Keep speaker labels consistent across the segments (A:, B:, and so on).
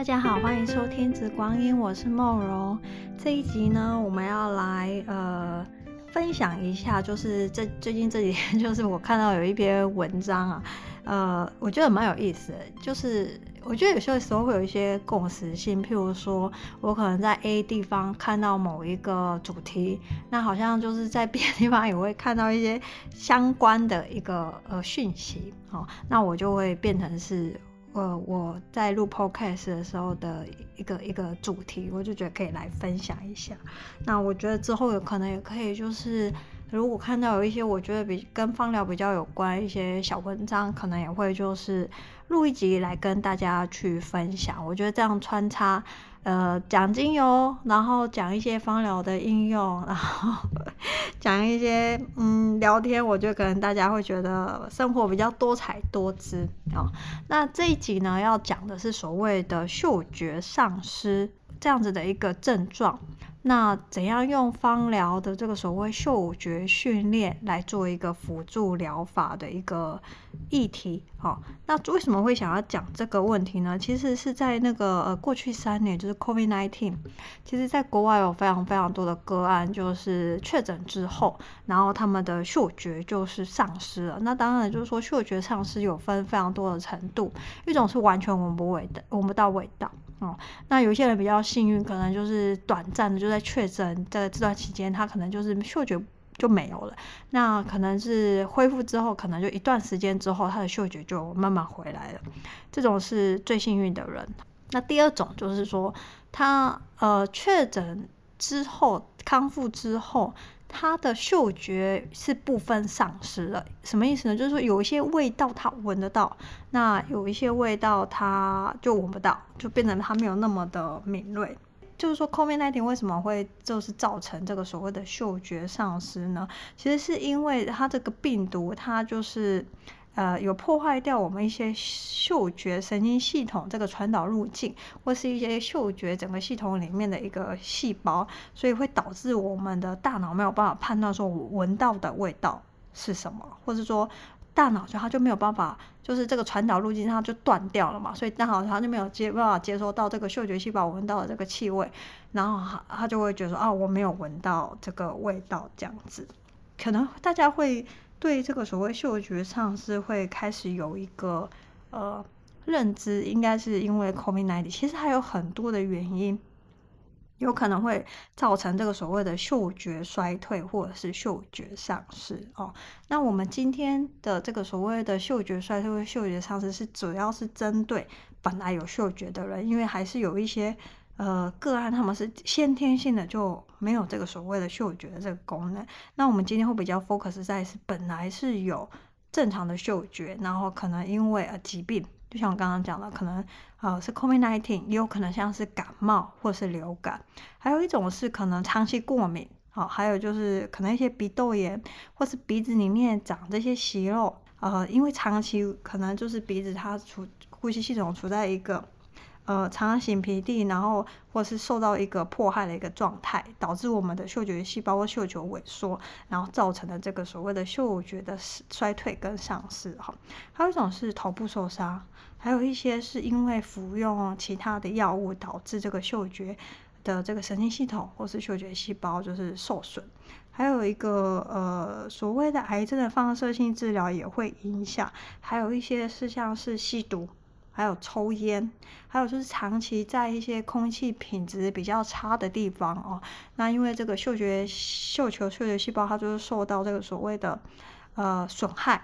A: 大家好，歡迎收聽《子光音》，我是夢榮。這一集呢，我們要來呃分享一下，就是這最近這幾天，就是我看到有一篇文章啊，呃，我覺得蠻有意思的。就是我覺得有些時候會有一些共識性，譬如說我可能在 A 地方看到某一個主題，那好像就是在 B 地方也會看到一些相關的一個呃訊息，哦，那我就會變成是。呃，我，我在錄 podcast 的時候的一個一個主題，我就覺得可以來分享一下。那我覺得之後有可能也可以，就是。如果看到有一些我覺得比跟芳療比較有關一些小文章，可能也會就是錄一集來跟大家去分享。我覺得這樣穿插，呃，講精油，然後講一些芳療的應用，然後講一些嗯聊天，我覺得可能大家會覺得生活比較多彩多姿啊。那這一集呢，要講的是所謂的嗅覺喪失這樣子的一個症狀。那怎樣用芳療的這個所謂嗅覺訓練來做一個輔助療法的一個議題？好，那為什麼會想要講這個問題呢？其實是在那個呃過去三年，就是 COVID-19，其實在國外有非常非常多的個案，就是確診之後，然後他們的嗅覺就是喪失了。那當然就是說，嗅覺喪失有分非常多的程度，一種是完全聞不味的，聞不到味道。哦，那有些人比較幸運，可能就是短暫的就在確診，在這段期間，他可能就是嗅覺就沒有了。那可能是恢復之後，可能就一段時間之後，他的嗅覺就慢慢回來了。這種是最幸運的人。那第二種就是說，他呃確診之後，康復之後。它的嗅覺是部分喪失了，什麼意思呢？就是說有一些味道它聞得到，那有一些味道它就聞不到，就變成它沒有那麼的敏銳。就是說，COVID n i 為什麼會就是造成這個所謂的嗅覺喪失呢？其實是因為它這個病毒，它就是。呃，有破壞掉我們一些嗅覺神經系統這個傳導路徑，或是一些嗅覺整個系統裡面的一個細胞，所以會導致我們的大腦沒有辦法判斷說我聞到的味道是什麼，或是說大腦就它就沒有辦法，就是這個傳導路徑它就斷掉了嘛，所以大腦它就沒有接沒辦法接收到這個嗅覺細胞聞到的這個氣味，然後它就會覺得啊，我沒有聞到這個味道這樣子，可能大家會。對這個所謂嗅覺喪失會開始有一個呃認知，應該是因為 COVID-19，其實還有很多的原因，有可能會造成這個所謂的嗅覺衰退或者是嗅覺喪失哦。那我們今天的這個所謂的嗅覺衰退或嗅覺喪失，是主要是針對本來有嗅覺的人，因為還是有一些。呃，個案他們是先天性的就沒有這個所謂的嗅覺的這個功能。那我們今天會比較 focus 在是本來是有正常的嗅覺，然後可能因為呃疾病，就像我剛剛講的，可能呃是 COVID n i t n 也有可能像是感冒或是流感，還有一種是可能長期過敏，哦、呃，還有就是可能一些鼻竇炎，或是鼻子裡面長這些息肉，呃，因為長期可能就是鼻子它處呼吸系統處在一個。呃，長期皮地，然後或是受到一個迫害的一個狀態，導致我們的嗅覺細胞或嗅覺萎縮，然後造成了這個所謂的嗅覺的衰退跟喪失。哈，還有一種是頭部受傷，還有一些是因為服用其他的藥物導致這個嗅覺的這個神經系統或是嗅覺細胞就是受損。還有一個呃，所謂的癌症的放射性治療也會影響，還有一些是像是吸毒。還有抽菸，還有就是長期在一些空氣品質比較差的地方哦。那因為這個嗅覺、嗅球、嗅覺細胞它就是受到這個所謂的呃損害。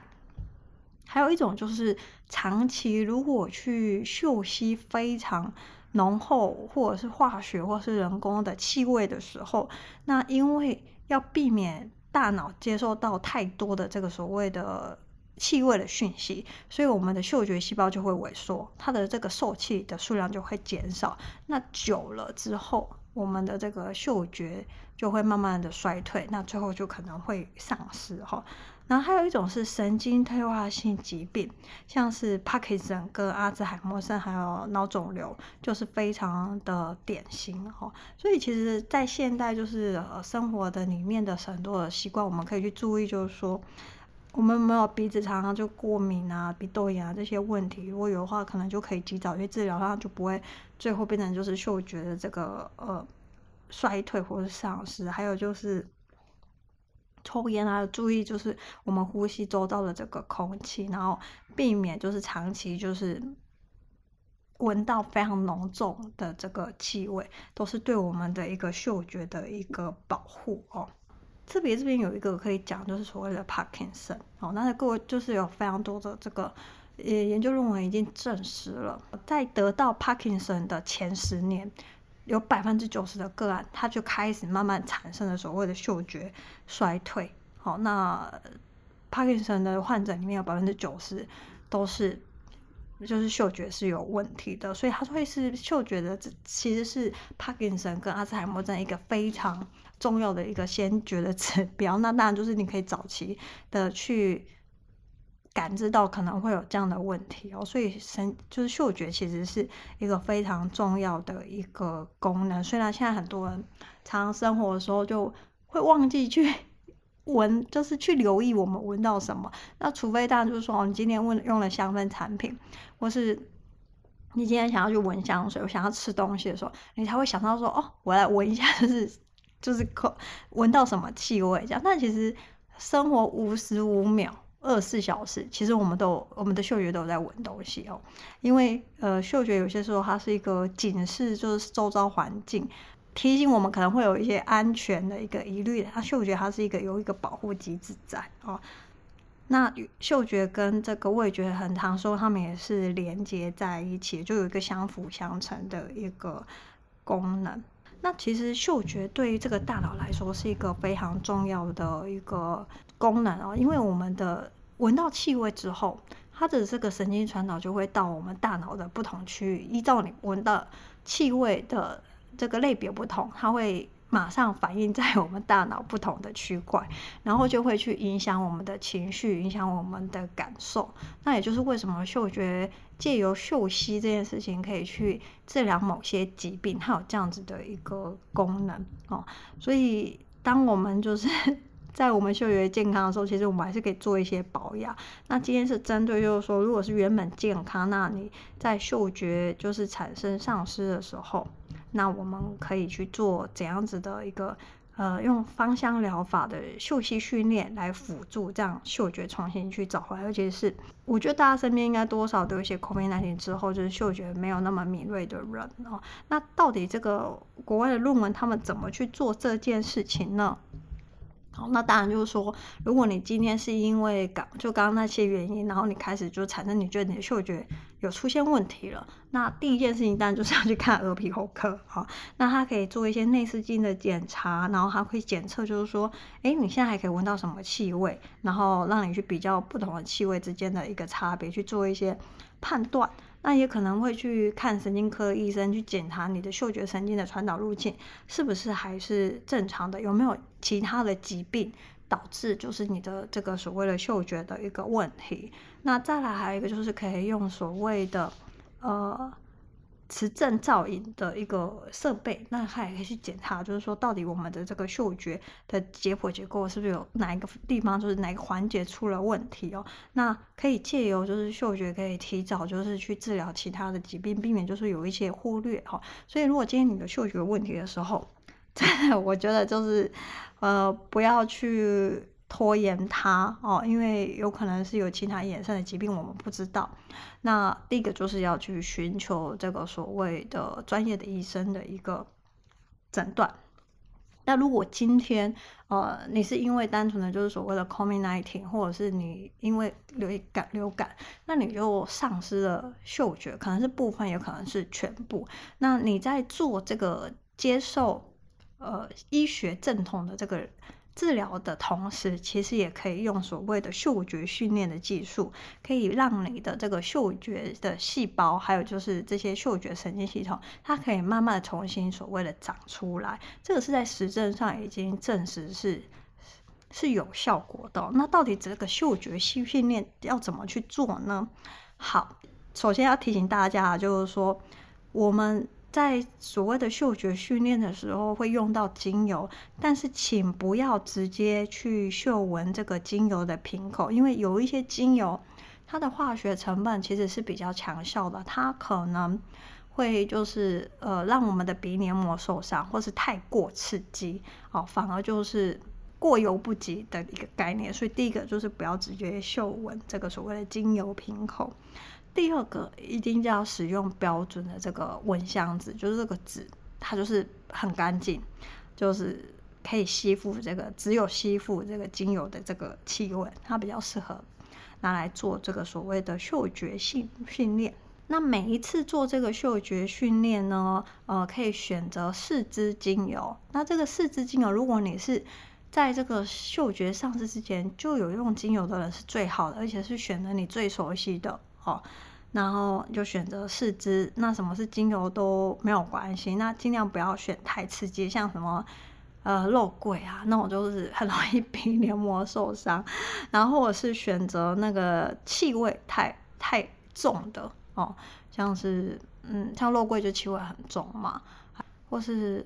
A: 還有一種就是長期如果去嗅吸非常濃厚，或者是化學或者是人工的氣味的時候，那因為要避免大腦接受到太多的這個所謂的。氣味的訊息，所以我們的嗅覺細胞就會萎縮，它的這個受器的數量就會減少。那久了之後，我們的這個嗅覺就會慢慢的衰退，那最後就可能會喪失哈。然後還有一種是神經退化性疾病，像是帕金森跟阿茲海默症，還有腦腫瘤，就是非常的典型哈。所以其實在現代就是呃生活的裡面的很多的習慣，我們可以去注意，就是說。我們沒有鼻子，常常就過敏啊、鼻竇炎啊這些問題。如果有的話，可能就可以及早去治療，然後就不會最後變成就是嗅覺的這個呃衰退或者喪失。還有就是抽煙啊，注意就是我們呼吸周遭的這個空氣，然後避免就是長期就是聞到非常濃重的這個氣味，都是對我們的一個嗅覺的一個保護哦。特別這邊有一個可以講，就是所謂的帕金森。好、哦，那各、個、位就是有非常多的這個研研究論文已經證實了，在得到帕金森的前十年，有百分之九十的個案，他就開始慢慢產生了所謂的嗅覺衰退。好、哦，那帕金森的患者裡面有百分之九十都是就是嗅覺是有問題的，所以他會是嗅覺的，這其實是帕金森跟阿茲海默症一個非常。重要的一個先覺的指標，那當然就是你可以早期的去感知到可能會有這樣的問題哦。所以，神，就是嗅覺其實是一個非常重要的一個功能。雖然現在很多人常常生活的時候就會忘記去聞，就是去留意我們聞到什麼。那除非當然就是說，哦，你今天聞用了香氛產品，或是你今天想要去聞香水，我想要吃東西的時候，你才會想到說，哦，我來聞一下，就是。就是口聞到什麼氣味這樣，但其實生活五十五秒、二十四小時，其實我們都有我們的嗅覺都有在聞東西哦。因為呃，嗅覺有些時候，它是一個警示，就是周遭環境提醒我們可能會有一些安全的一個疑慮。它嗅覺它是一個有一個保護機制在哦。那嗅覺跟這個味覺很常說，他們也是連接在一起，就有一個相輔相成的一個功能。那其實嗅覺對於這個大腦來說是一個非常重要的一個功能哦，因為我們的聞到氣味之後，它的這個神經傳導就會到我們大腦的不同區域，依照你聞到氣味的這個類別不同，它會。馬上反映在我們大腦不同的區塊，然後就會去影響我們的情緒，影響我們的感受。那也就是為什麼嗅覺借由嗅吸這件事情，可以去治療某些疾病，它有這樣子的一個功能哦。所以，當我們就是。在我們嗅覺健康的時候，其實我們還是可以做一些保養。那今天是針對，就是說，如果是原本健康，那你在嗅覺就是產生喪失的時候，那我們可以去做怎樣子的一個呃，用芳香療法的嗅吸訓練來輔助，這樣嗅覺重新去找回來。而且是我覺得大家身邊應該多少都有一些 COVID-19 之後，就是嗅覺沒有那麼敏銳的人哦。那到底這個國外的論文他們怎麼去做這件事情呢？好，那當然就是說，如果你今天是因為剛就剛剛那些原因，然後你開始就產生你覺得你的嗅覺有出現問題了，那第一件事情當然就是要去看耳鼻喉科啊。那他可以做一些內視鏡的檢查，然後他會檢測就是說，哎，你現在還可以聞到什麼氣味，然後讓你去比較不同的氣味之間的一個差別，去做一些判斷。那也可能會去看神經科醫生，去檢查你的嗅覺神經的傳導路徑是不是還是正常的，有沒有其他的疾病導致就是你的這個所謂的嗅覺的一個問題。那再來還有一個就是可以用所謂的呃。磁振造影的一個設備，那它也可以去檢查，就是說到底我們的這個嗅覺的解剖結構是不是有哪一個地方，就是哪個環節出了問題哦。那可以借由就是嗅覺，可以提早就是去治療其他的疾病，避免就是有一些忽略哈、哦。所以如果今天你的嗅覺有問題的時候，真的我覺得就是呃不要去。拖延他哦，因為有可能是有其他衍生的疾病，我們不知道。那第一個就是要去尋求這個所謂的專業的醫生的一個診斷。那如果今天呃你是因為單純的，就是所謂的 COVID-19，或者是你因為流感流感，那你就喪失了嗅覺，可能是部分，也可能是全部。那你在做這個接受呃醫學正統的這個。治療的同時，其實也可以用所謂的嗅覺訓練的技術，可以讓你的這個嗅覺的細胞，還有就是這些嗅覺神經系統，它可以慢慢的重新所謂的長出來。這個是在實證上已經證實是是有效果的哦。那到底這個嗅覺訓練要怎麼去做呢？好，首先要提醒大家，就是說我們，在所謂的嗅覺訓練的時候，會用到精油，但是請不要直接去嗅聞這個精油的瓶口，因為有一些精油，它的化學成分其實是比較強效的，它可能會就是呃讓我們的鼻黏膜受傷，或是太過刺激，哦，反而就是過猶不及的一個概念。所以第一個就是不要直接嗅聞這個所謂的精油瓶口。第二個一定要使用標準的這個聞香紙，就是這個紙，它就是很乾淨，就是可以吸附這個只有吸附這個精油的這個氣味，它比較適合拿來做這個所謂的嗅覺性訓練。那每一次做這個嗅覺訓練呢，呃，可以選擇四支精油。那這個四支精油，如果你是在這個嗅覺喪失之前就有用精油的人是最好的，而且是選擇你最熟悉的哦。然後就選擇四支，那什麼是精油都沒有關係，那盡量不要選太刺激，像什麼呃肉桂啊，那種就是很容易鼻黏膜受傷，然後我是選擇那個氣味太太重的哦，像是嗯像肉桂就氣味很重嘛，或是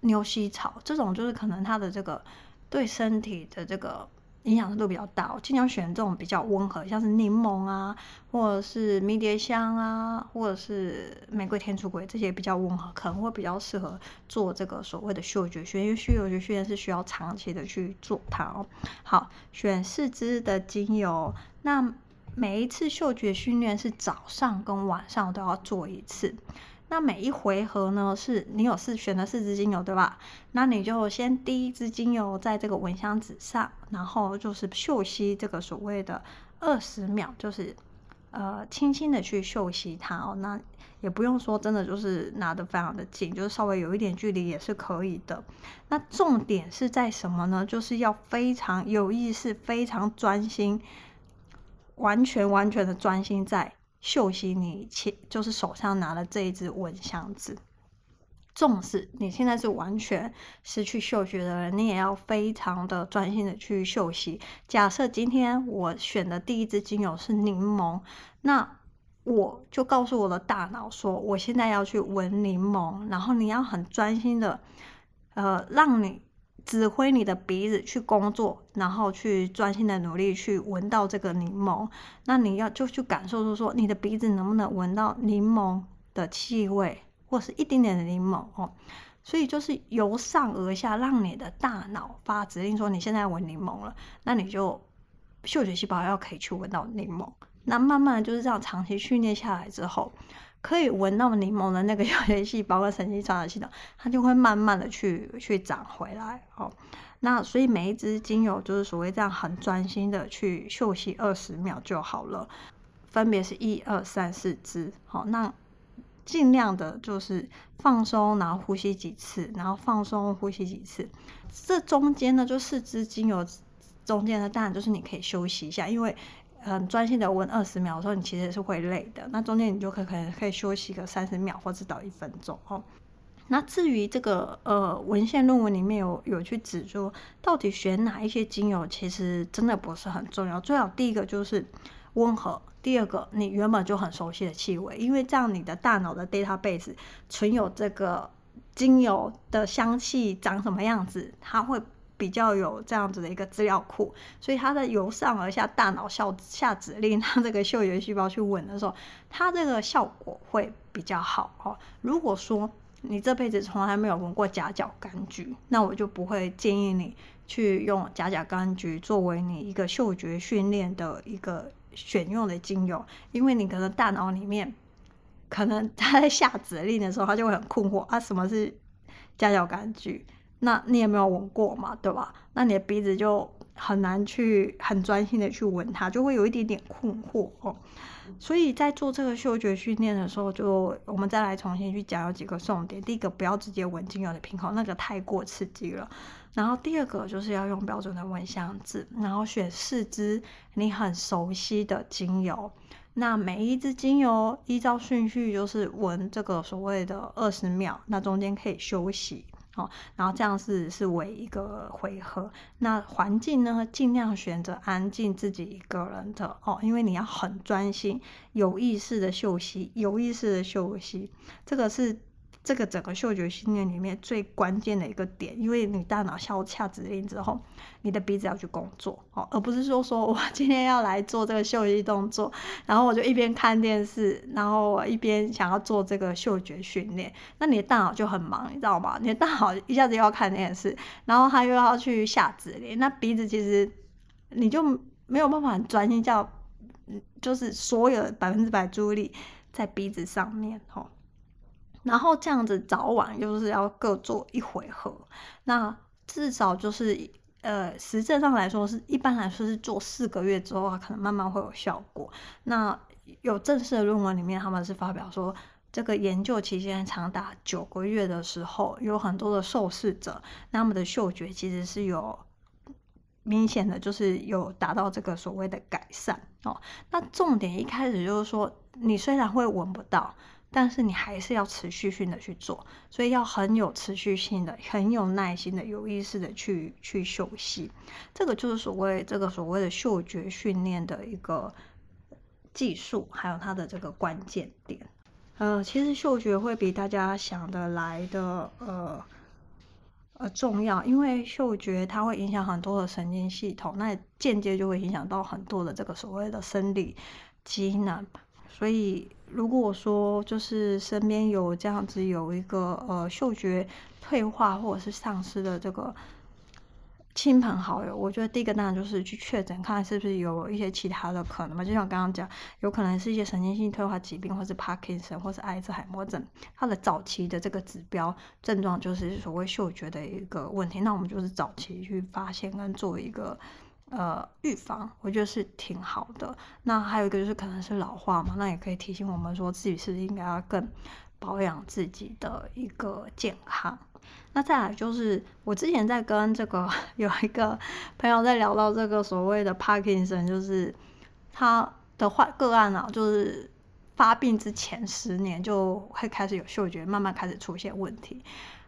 A: 牛膝草這種，就是可能它的這個對身體的這個。影響都比較大，我儘量選這種比較溫和，像是檸檬啊，或者是迷迭香啊，或者是玫瑰天竺葵這些比較溫和，可能會比較適合做這個所謂的嗅覺訓練。因為嗅覺訓練是需要長期的去做它哦。好，選四支的精油，那每一次嗅覺訓練是早上跟晚上都要做一次。那每一回合呢，是你有四選了四支精油，對吧？那你就先滴一支精油在這個蚊香紙上，然後就是嗅吸這個所謂的二十秒，就是呃，輕輕的去嗅吸它哦。那也不用說真的，就是拿的非常的近，就是稍微有一點距離也是可以的。那重點是在什麼呢？就是要非常有意識、非常專心，完全完全的專心在。嗅吸你，你前就是手上拿的這一支聞香紙，縱使你現在是完全失去嗅覺的人，你也要非常的專心的去嗅吸。假設今天我選的第一支精油是檸檬，那我就告訴我的大腦說，我現在要去聞檸檬，然後你要很專心的，呃，讓你。指揮你的鼻子去工作，然後去專心的努力去聞到這個檸檬。那你要就去感受，就是說你的鼻子能不能聞到檸檬的氣味，或是一點點的檸檬哦。所以就是由上而下，讓你的大腦發指令說你現在聞檸檬了，那你就嗅覺細胞要可以去聞到檸檬。那慢慢就是這樣長期訓練下來之後。可以聞到檸檬的那個嗅覺細胞和神經傳導系統，它就會慢慢的去去長回來哦。那所以每一支精油就是所謂這樣很專心的去嗅吸二十秒就好了，分別是一二三四支。好、哦，那盡量的就是放鬆，然後呼吸幾次，然後放鬆呼吸幾次。這中間呢，就是、四支精油中間的，當然就是你可以休息一下，因為。很專心的聞二十秒的時候，你其實是會累的。那中間你就可以可能可以休息個三十秒，或者到一分鐘哦。那至於這個呃文獻論文裡面有有去指出到底選哪一些精油，其實真的不是很重要。最好第一個就是溫和，第二個你原本就很熟悉的氣味，因為這樣你的大腦的 database 存有這個精油的香氣長什麼樣子，它會。比較有這樣子的一個資料庫，所以它的由上而下大腦下下指令，讓這個嗅覺細胞去聞的時候，它這個效果會比較好哦。如果說你這輩子從來沒有聞過夾角柑橘，那我就不會建議你去用夾角柑橘作為你一個嗅覺訓練的一個選用的精油，因為你可能大腦裡面可能它在下指令的時候，它就會很困惑啊，什麼是夾角柑橘？那你也沒有聞過嘛，對吧？那你的鼻子就很難去很專心的去聞它，就會有一點點困惑哦。所以在做這個嗅覺訓練的時候，就我們再來重新去講有幾個重點。第一個，不要直接聞精油的瓶口，那個太過刺激了。然後第二個，就是要用標準的聞香紙，然後選四支你很熟悉的精油。那每一支精油依照順序就是聞這個所謂的二十秒，那中間可以休息。哦，然後這樣是是為一個回合。那環境呢，盡量選擇安靜、自己一個人的哦，因為你要很專心、有意識的嗅吸、有意識的嗅吸，這個是。這個整個嗅覺訓練裡面最關鍵的一個點，因為你大腦下下指令之後，你的鼻子要去工作哦，而不是說說我今天要來做這個嗅吸動作，然後我就一邊看電視，然後我一邊想要做這個嗅覺訓練，那你的大腦就很忙，你知道嗎？你的大腦一下子又要看電視，然後他又要去下指令，那鼻子其實你就沒有辦法專心叫，就是所有百分之百注意力在鼻子上面齁。哦然後這樣子早晚就是要各做一回合，那至少就是呃、實質上來說是一般來說是做四個月之後啊，可能慢慢會有效果。那有正式的論文裡面，他們是發表說這個研究期間長達九個月的時候，有很多的受試者，那他們的嗅覺其實是有明顯的就是有達到這個所謂的改善哦。那重點一開始就是說，你雖然會聞不到。但是你還是要持續性的去做，所以要很有持續性的，很有耐心的，有意識的去去嗅吸，這個就是所謂這個所謂的嗅覺訓練的一個技術，還有它的這個關鍵點。呃，其實嗅覺會比大家想的來的呃呃重要，因為嗅覺它會影響很多的神經系統，那間接就會影響到很多的這個所謂的生理機能，所以。如果說就是身邊有這樣子有一個呃嗅覺退化或者是喪失的這個親朋好友，我覺得第一個當然就是去確診，看是不是有一些其他的可能嘛。就像我剛剛講，有可能是一些神經性退化疾病，或是帕金森，或是阿茲海默症，他的早期的這個指標症狀就是所謂嗅覺的一個問題。那我們就是早期去發現跟做一個。呃，預防我覺得是挺好的。那還有一個就是可能是老化嘛，那也可以提醒我們說自己是，是應該要更保養自己的一個健康。那再來就是我之前在跟這個有一個朋友在聊到這個所謂的 Parkinson，就是他的患個案啊，就是發病之前十年就會開始有嗅覺，慢慢開始出現問題。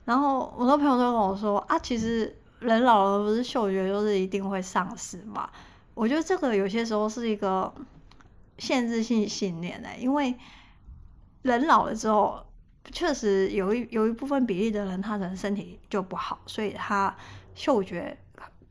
A: 然後我的朋友都跟我說啊，其實。人老了不是嗅覺就是一定會喪失嘛，我覺得這個有些時候是一個限制性信念哎、欸，因為人老了之後，確實有一有一部分比例的人，他可能身體就不好，所以他嗅覺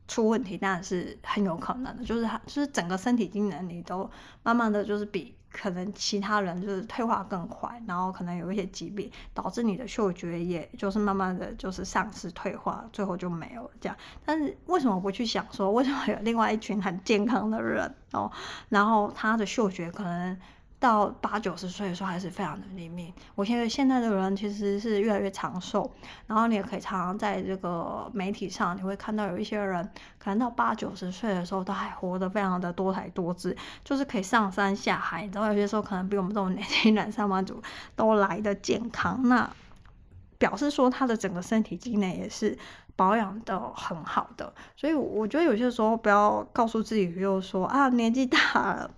A: 出問題當然是很有可能的，就是他就是整個身體機能你都慢慢的就是比。可能其他人就是退化更快，然後可能有一些疾病導致你的嗅覺，也就是慢慢的就是喪失退化，最後就沒有這樣。但是為什麼不去想說，為什麼有另外一群很健康的人哦，然後他的嗅覺可能？到八九十歲的時候還是非常的靈敏。我現在現在的人其實是越來越長壽，然後你也可以常常在這個媒體上，你會看到有一些人，可能到八九十歲的時候都還活得非常的多才多姿，就是可以上山下海，你知道，有些時候可能比我們這種年輕人上班族都來的健康，那表示說他的整個身體機能也是保養的很好的。所以我覺得有些時候不要告訴自己就是，又說啊年紀大了。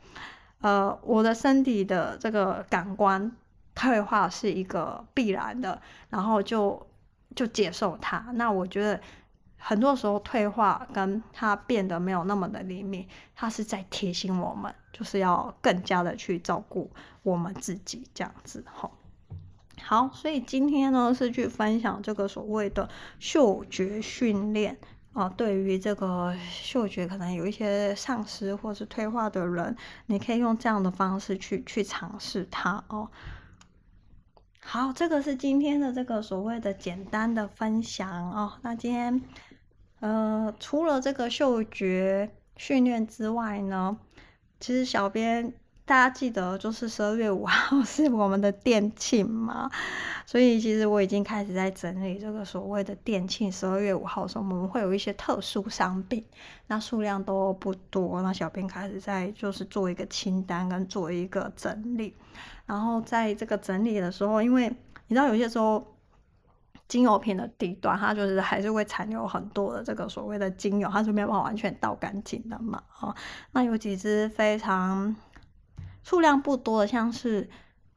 A: 呃，我的身體的這個感官退化是一個必然的，然後就就接受它。那我覺得很多時候退化跟它變得沒有那麼的靈敏，它是在提醒我們，就是要更加的去照顧我們自己這樣子哈。好，所以今天呢，是去分享這個所謂的嗅覺訓練。哦，對於這個嗅覺可能有一些喪失或是退化的人，你可以用這樣的方式去去嘗試它哦。好，這個是今天的這個所謂的簡單的分享哦。那今天，呃，除了這個嗅覺訓練之外呢，其實小編。大家記得就是十二月五號是我們的店慶嘛，所以其實我已經開始在整理這個所謂的店慶十二月五號的時候，我們會有一些特殊商品，那數量都不多，那小編開始在就是做一個清單跟做一個整理，然後在這個整理的時候，因為你知道有些時候精油瓶的底端，它就是還是會殘留很多的這個所謂的精油，它是沒有辦法完全倒乾淨的嘛，啊、哦，那有幾支非常。數量不多的，像是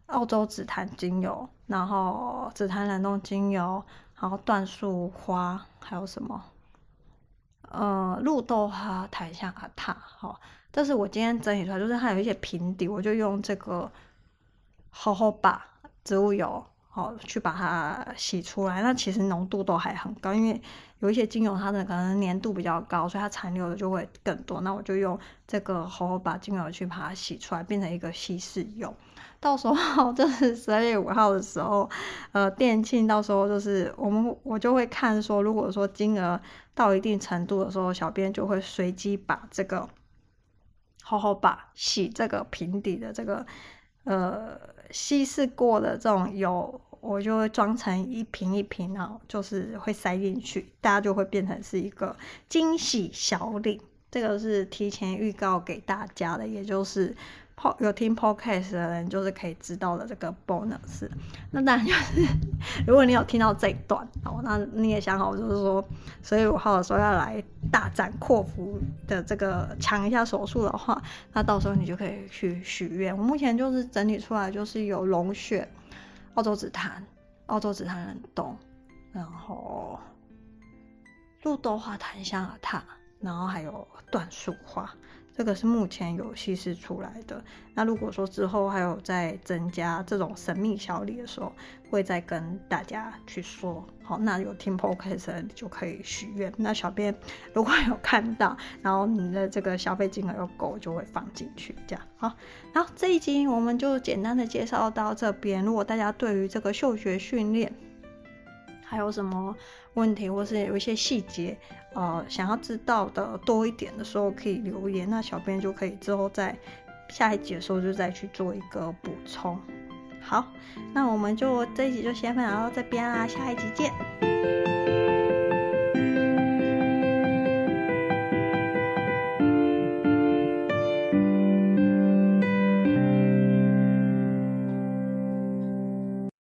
A: 澳洲紫檀精油，然後紫檀冷凍精油，然後椴樹花，還有什麼？呃、嗯，露豆花，檀香阿塔哈。但、啊哦、是我今天整理出來，就是它有一些瓶底，我就用這個荷荷巴植物油。哦，去把它洗出來。那其實濃度都還很高，因為有一些精油它的可能粘度比較高，所以它殘留的就會更多。那我就用這個好好把精油去把它洗出來，變成一個稀釋油。到時候，哦，就是十二月五號的時候，呃，店慶到時候就是我們我就會看說，如果說金額到一定程度的時候，小編就會隨機把這個好好把洗這個瓶底的這個呃。稀釋過的這種油，我就會裝成一瓶一瓶，然後就是會塞進去，大家就會變成是一個驚喜小禮。這個是提前預告給大家的，也就是。有聽 podcast 的人就是可以知道了這個 bonus。那當然就是，如果你有聽到這一段，哦，那你也想好就是說，所以五號的時候要來大展闊幅的這個搶一下手速的話，那到時候你就可以去許願。我目前就是整理出來，就是有龍血、澳洲紫檀、澳洲紫檀人動，然後綠豆花、檀香、的塔，然後還有椴樹花。這個是目前有揭示出來的。那如果說之後還有再增加這種神秘小禮的時候，會再跟大家去說。好，那有聽 Podcast 的就可以許願。那小編如果有看到，然後你的這個消費金額又夠，就會放進去。這樣，好，然後這一集我們就簡單的介紹到這邊。如果大家對於這個嗅覺訓練，還有什麼問題，或是有一些細節，呃，想要知道的多一點的時候，可以留言，那小編就可以之後在下一集的時候就再去做一個補充。好，那我們就這一集就先分享到這邊啦，下一集見。